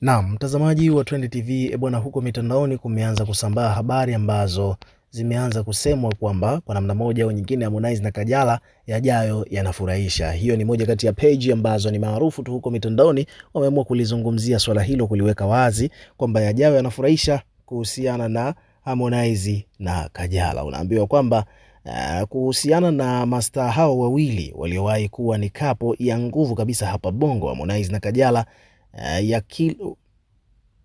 Naam, mtazamaji wa Trend TV, e bwana, huko mitandaoni kumeanza kusambaa habari ambazo zimeanza kusemwa kwamba kwa namna moja au nyingine Harmonize na Kajala yajayo yanafurahisha. Hiyo ni moja kati ya page ambazo ni maarufu tu huko mitandaoni, wameamua kulizungumzia swala hilo, kuliweka wazi kwamba yajayo yanafurahisha kuhusiana na Harmonize na Kajala. Unaambiwa kwamba Uh, kuhusiana na mastaa hao wawili waliowahi kuwa ni kapo ya nguvu kabisa hapa Bongo, Harmonize na Kajala Eh, ya kilo,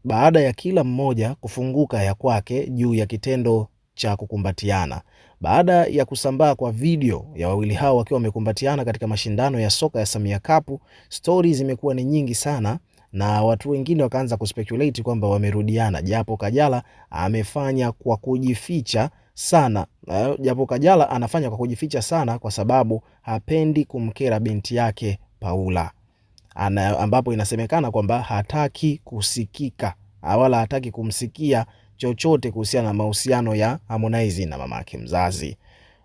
baada ya kila mmoja kufunguka ya kwake juu ya kitendo cha kukumbatiana baada ya kusambaa kwa video ya wawili hao wakiwa wamekumbatiana katika mashindano ya soka ya Samia Cup, stories zimekuwa ni nyingi sana na watu wengine wakaanza kuspekulate kwamba wamerudiana, japo Kajala amefanya kwa kujificha sana, eh, japo Kajala anafanya kwa kujificha sana kwa sababu hapendi kumkera binti yake Paula ana, ambapo inasemekana kwamba hataki kusikika ah, wala hataki kumsikia chochote kuhusiana na mahusiano ya Harmonize na mamake mzazi.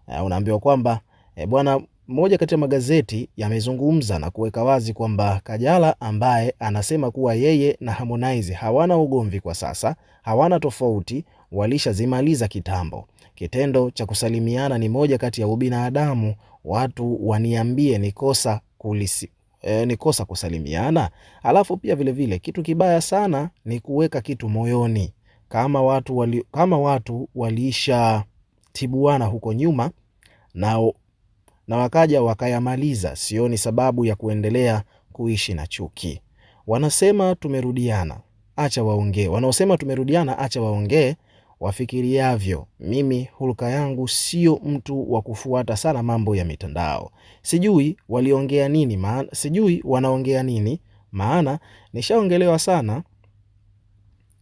Ah, unaambiwa kwamba e, bwana moja kati ya magazeti yamezungumza na kuweka wazi kwamba Kajala ambaye anasema kuwa yeye na Harmonize hawana ugomvi kwa sasa, hawana tofauti, walishazimaliza kitambo. Kitendo cha kusalimiana ni moja kati ya ubinadamu, watu waniambie ni kosa e, ni kosa kusalimiana. Alafu pia vilevile vile, kitu kibaya sana ni kuweka kitu moyoni. Kama watu wali, kama watu waliisha tibuana huko nyuma na, na wakaja wakayamaliza, sioni sababu ya kuendelea kuishi na chuki. Wanasema tumerudiana, acha waongee. Wanaosema tumerudiana, acha waongee, wafikiriavyo. Mimi hulka yangu sio mtu wa kufuata sana mambo ya mitandao. Sijui waliongea nini maana, sijui wanaongea nini maana nishaongelewa sana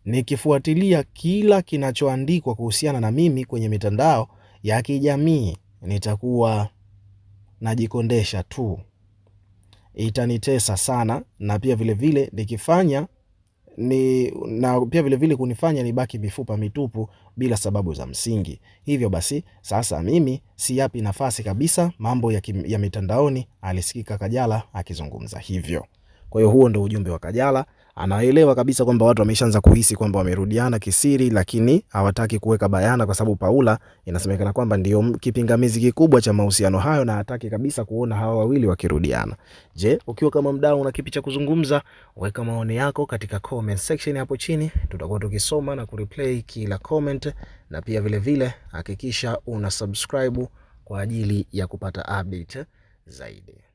nikifuatilia kila kinachoandikwa kuhusiana na mimi kwenye mitandao ya kijamii, nitakuwa najikondesha tu, itanitesa sana. Na pia vilevile vile, nikifanya ni na pia vilevile vile kunifanya nibaki mifupa mitupu bila sababu za msingi. Hivyo basi sasa mimi siyapi nafasi kabisa mambo ya, kim, ya mitandaoni. Alisikika Kajala akizungumza hivyo. Kwa hiyo huo ndo ujumbe wa Kajala anaelewa kabisa kwamba watu wameshaanza kuhisi kwamba wamerudiana kisiri, lakini hawataki kuweka bayana, kwa sababu Paula inasemekana kwamba ndio kipingamizi kikubwa cha mahusiano hayo na hataki kabisa kuona hawa wawili wakirudiana. Je, ukiwa kama mdau una kipi cha kuzungumza? Weka maoni yako katika comment section hapo chini, tutakuwa tukisoma na kureplay kila comment, na pia vilevile hakikisha una subscribe kwa ajili ya kupata update zaidi.